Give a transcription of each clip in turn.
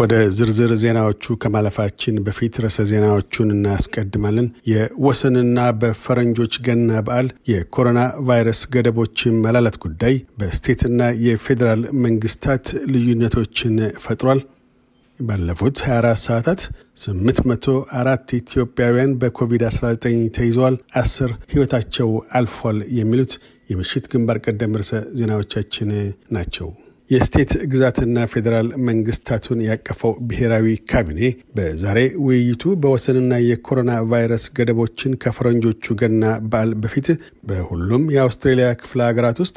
ወደ ዝርዝር ዜናዎቹ ከማለፋችን በፊት ርዕሰ ዜናዎቹን እናስቀድማለን። የወሰንና በፈረንጆች ገና በዓል የኮሮና ቫይረስ ገደቦችን መላለት ጉዳይ በስቴትና የፌዴራል መንግስታት ልዩነቶችን ፈጥሯል። ባለፉት 24 ሰዓታት 804 ኢትዮጵያውያን በኮቪድ-19 ተይዘዋል፣ 10 ሕይወታቸው አልፏል። የሚሉት የምሽት ግንባር ቀደም ርዕሰ ዜናዎቻችን ናቸው። የስቴት ግዛትና ፌዴራል መንግስታቱን ያቀፈው ብሔራዊ ካቢኔ በዛሬ ውይይቱ በወሰንና የኮሮና ቫይረስ ገደቦችን ከፈረንጆቹ ገና በዓል በፊት በሁሉም የአውስትሬልያ ክፍለ ሀገራት ውስጥ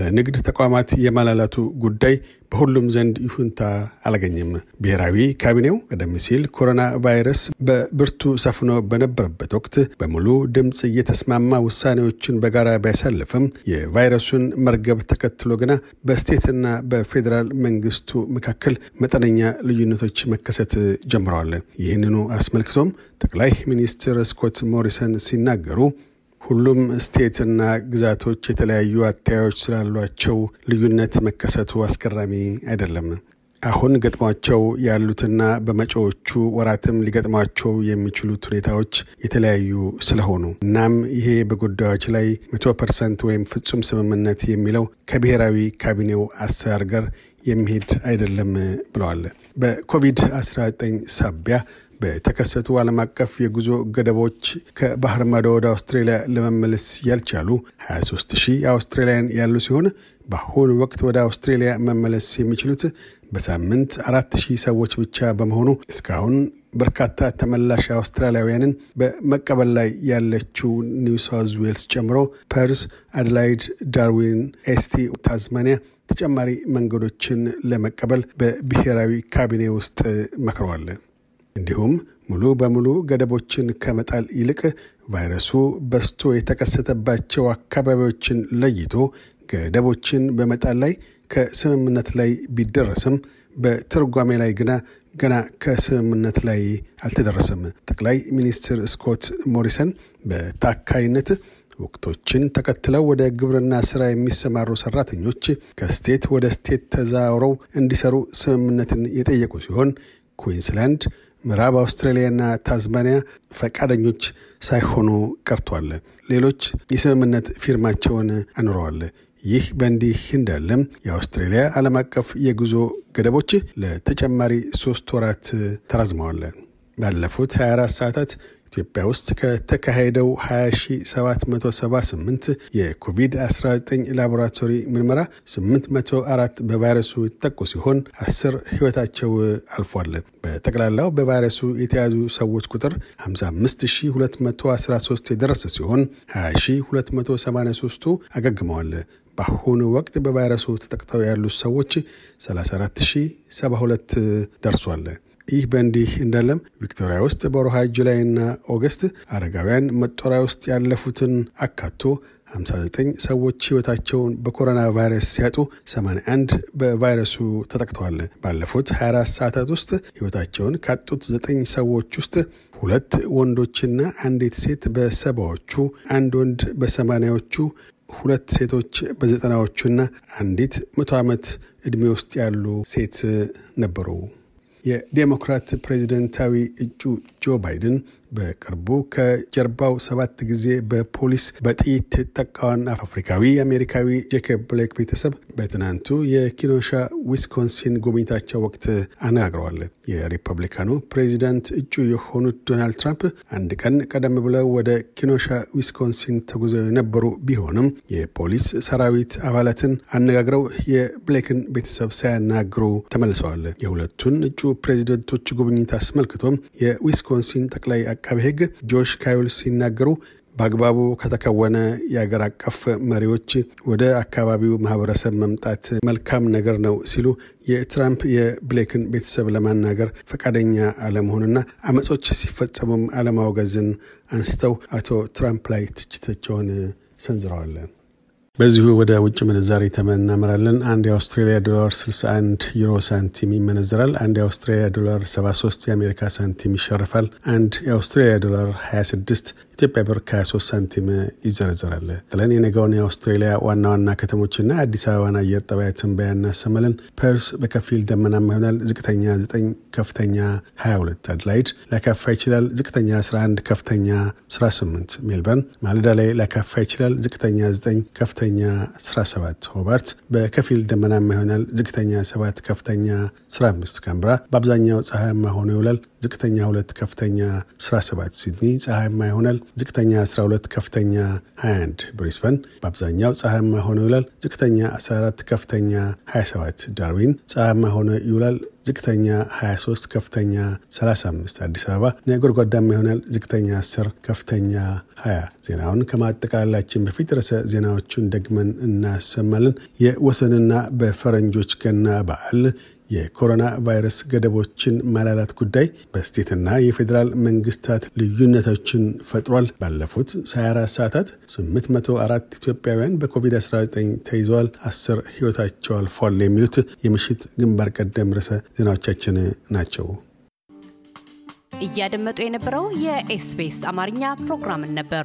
ለንግድ ተቋማት የማላላቱ ጉዳይ በሁሉም ዘንድ ይሁንታ አላገኘም። ብሔራዊ ካቢኔው ቀደም ሲል ኮሮና ቫይረስ በብርቱ ሰፍኖ በነበረበት ወቅት በሙሉ ድምፅ እየተስማማ ውሳኔዎችን በጋራ ቢያሳልፍም የቫይረሱን መርገብ ተከትሎ ግና በስቴትና በፌዴራል መንግስቱ መካከል መጠነኛ ልዩነቶች መከሰት ጀምረዋል። ይህንኑ አስመልክቶም ጠቅላይ ሚኒስትር ስኮት ሞሪሰን ሲናገሩ ሁሉም ስቴትና ግዛቶች የተለያዩ አተያዮች ስላሏቸው ልዩነት መከሰቱ አስገራሚ አይደለም። አሁን ገጥሟቸው ያሉትና በመጪዎቹ ወራትም ሊገጥሟቸው የሚችሉት ሁኔታዎች የተለያዩ ስለሆኑ እናም ይሄ በጉዳዮች ላይ መቶ ፐርሰንት ወይም ፍጹም ስምምነት የሚለው ከብሔራዊ ካቢኔው አሰራር ጋር የሚሄድ አይደለም ብለዋል። በኮቪድ-19 ሳቢያ በተከሰቱ ዓለም አቀፍ የጉዞ ገደቦች ከባህር ማዶ ወደ አውስትሬልያ ለመመለስ ያልቻሉ 23 ሺህ አውስትራሊያን ያሉ ሲሆን በአሁኑ ወቅት ወደ አውስትሬልያ መመለስ የሚችሉት በሳምንት አራት ሺህ ሰዎች ብቻ በመሆኑ እስካሁን በርካታ ተመላሽ አውስትራሊያውያንን በመቀበል ላይ ያለችው ኒው ዌልስ ጨምሮ ፐርስ፣ አድላይድ ዳርዊን፣ ኤስቲ፣ ታዝማኒያ ተጨማሪ መንገዶችን ለመቀበል በብሔራዊ ካቢኔ ውስጥ መክረዋል። እንዲሁም ሙሉ በሙሉ ገደቦችን ከመጣል ይልቅ ቫይረሱ በስቶ የተከሰተባቸው አካባቢዎችን ለይቶ ገደቦችን በመጣል ላይ ከስምምነት ላይ ቢደረስም በትርጓሜ ላይ ግና ገና ከስምምነት ላይ አልተደረሰም። ጠቅላይ ሚኒስትር ስኮት ሞሪሰን በታካይነት ወቅቶችን ተከትለው ወደ ግብርና ስራ የሚሰማሩ ሰራተኞች ከስቴት ወደ ስቴት ተዛውረው እንዲሰሩ ስምምነትን የጠየቁ ሲሆን ኩንስላንድ ምዕራብ አውስትራሊያና ታዝማኒያ ፈቃደኞች ሳይሆኑ ቀርቷል። ሌሎች የስምምነት ፊርማቸውን አኑረዋል። ይህ በእንዲህ እንዳለም የአውስትሬሊያ ዓለም አቀፍ የጉዞ ገደቦች ለተጨማሪ ሶስት ወራት ተራዝመዋል። ባለፉት 24 ሰዓታት ኢትዮጵያ ውስጥ ከተካሄደው 20778 የኮቪድ-19 ላቦራቶሪ ምርመራ 804 በቫይረሱ የተጠቁ ሲሆን 10 ህይወታቸው አልፏል። በጠቅላላው በቫይረሱ የተያዙ ሰዎች ቁጥር 55213 የደረሰ ሲሆን 20283ቱ አገግመዋል። በአሁኑ ወቅት በቫይረሱ ተጠቅተው ያሉት ሰዎች 34072 ደርሷል። ይህ በእንዲህ እንዳለም ቪክቶሪያ ውስጥ በወርሃ ጁላይና ኦገስት አረጋውያን መጦሪያ ውስጥ ያለፉትን አካቶ 59 ሰዎች ህይወታቸውን በኮሮና ቫይረስ ሲያጡ 81 በቫይረሱ ተጠቅተዋል። ባለፉት 24 ሰዓታት ውስጥ ህይወታቸውን ካጡት ዘጠኝ ሰዎች ውስጥ ሁለት ወንዶችና አንዲት ሴት በሰባዎቹ፣ አንድ ወንድ በሰማኒያዎቹ፣ ሁለት ሴቶች በዘጠናዎቹና አንዲት መቶ ዓመት ዕድሜ ውስጥ ያሉ ሴት ነበሩ። የዴሞክራት ፕሬዝደንታዊ እጩ ጆ ባይደን በቅርቡ ከጀርባው ሰባት ጊዜ በፖሊስ በጥይት ጠቃዋን አፍሪካዊ አሜሪካዊ ጄኮብ ብሌክ ቤተሰብ በትናንቱ የኪኖሻ ዊስኮንሲን ጉብኝታቸው ወቅት አነጋግረዋል። የሪፐብሊካኑ ፕሬዚዳንት እጩ የሆኑት ዶናልድ ትራምፕ አንድ ቀን ቀደም ብለው ወደ ኪኖሻ ዊስኮንሲን ተጉዘው የነበሩ ቢሆንም የፖሊስ ሰራዊት አባላትን አነጋግረው የብሌክን ቤተሰብ ሳያናግሩ ተመልሰዋል። የሁለቱን እጩ ፕሬዚደንቶች ጉብኝት አስመልክቶም የዊስኮ የዊስኮንሲን ጠቅላይ አቃቤ ህግ ጆሽ ካዮል ሲናገሩ በአግባቡ ከተከወነ የአገር አቀፍ መሪዎች ወደ አካባቢው ማህበረሰብ መምጣት መልካም ነገር ነው ሲሉ የትራምፕ የብሌክን ቤተሰብ ለማናገር ፈቃደኛ አለመሆንና አመጾች ሲፈጸሙም አለማውገዝን አንስተው አቶ ትራምፕ ላይ ትችታቸውን ሰንዝረዋል። በዚሁ ወደ ውጭ ምንዛሪ ተመን እናመራለን። አንድ የአውስትሬልያ ዶላር 61 ዩሮ ሳንቲም ይመነዘራል። አንድ የአውስትራሊያ ዶላር 73 የአሜሪካ ሳንቲም ይሸርፋል። አንድ የአውስትራሊያ ዶላር 26 ኢትዮጵያ ብር ከ23 ሳንቲም ይዘረዘራል። ጥለን የነገውን የአውስትሬሊያ ዋና ዋና ከተሞችና አዲስ አበባን አየር ጠባይ ትንበያ እናሰማለን። ፐርስ በከፊል ደመናማ ይሆናል። ዝቅተኛ 9፣ ከፍተኛ 22። አድላይድ ላካፋ ይችላል። ዝቅተኛ 11፣ ከፍተኛ 18። ሜልበርን ማለዳ ላይ ላካፋ ይችላል። ዝቅተኛ 9፣ ከፍተ ከፍተኛ ሰባት ሆባርት በከፊል ደመናማ ይሆናል። ዝቅተኛ ሰባት ከፍተኛ ስራ 15፣ ካምብራ በአብዛኛው ፀሐያማ ሆኖ ይውላል። ዝቅተኛ ሁለት ከፍተኛ ሰባት ሲድኒ ፀሐያማ ይሆናል። ዝቅተኛ 12፣ ከፍተኛ 21፣ ብሪስበን በአብዛኛው ፀሐያማ ሆኖ ይውላል። ዝቅተኛ 14፣ ከፍተኛ 27፣ ዳርዊን ፀሐያማ ሆኖ ይውላል። ዝቅተኛ 23፣ ከፍተኛ 35። አዲስ አበባ ነጎድጓዳማ ጎድጓዳማ ይሆናል። ዝቅተኛ 10፣ ከፍተኛ 20። ዜናውን ከማጠቃላላችን በፊት ርዕሰ ዜናዎቹን ደግመን እናሰማለን። የወሰንና በፈረንጆች ገና በዓል የኮሮና ቫይረስ ገደቦችን ማላላት ጉዳይ በስቴትና የፌዴራል መንግስታት ልዩነቶችን ፈጥሯል። ባለፉት 24 ሰዓታት 804 ኢትዮጵያውያን በኮቪድ-19 ተይዘዋል፣ አስር ህይወታቸው አልፏል። የሚሉት የምሽት ግንባር ቀደም ርዕሰ ዜናዎቻችን ናቸው። እያደመጡ የነበረው የኤስፔስ አማርኛ ፕሮግራምን ነበር።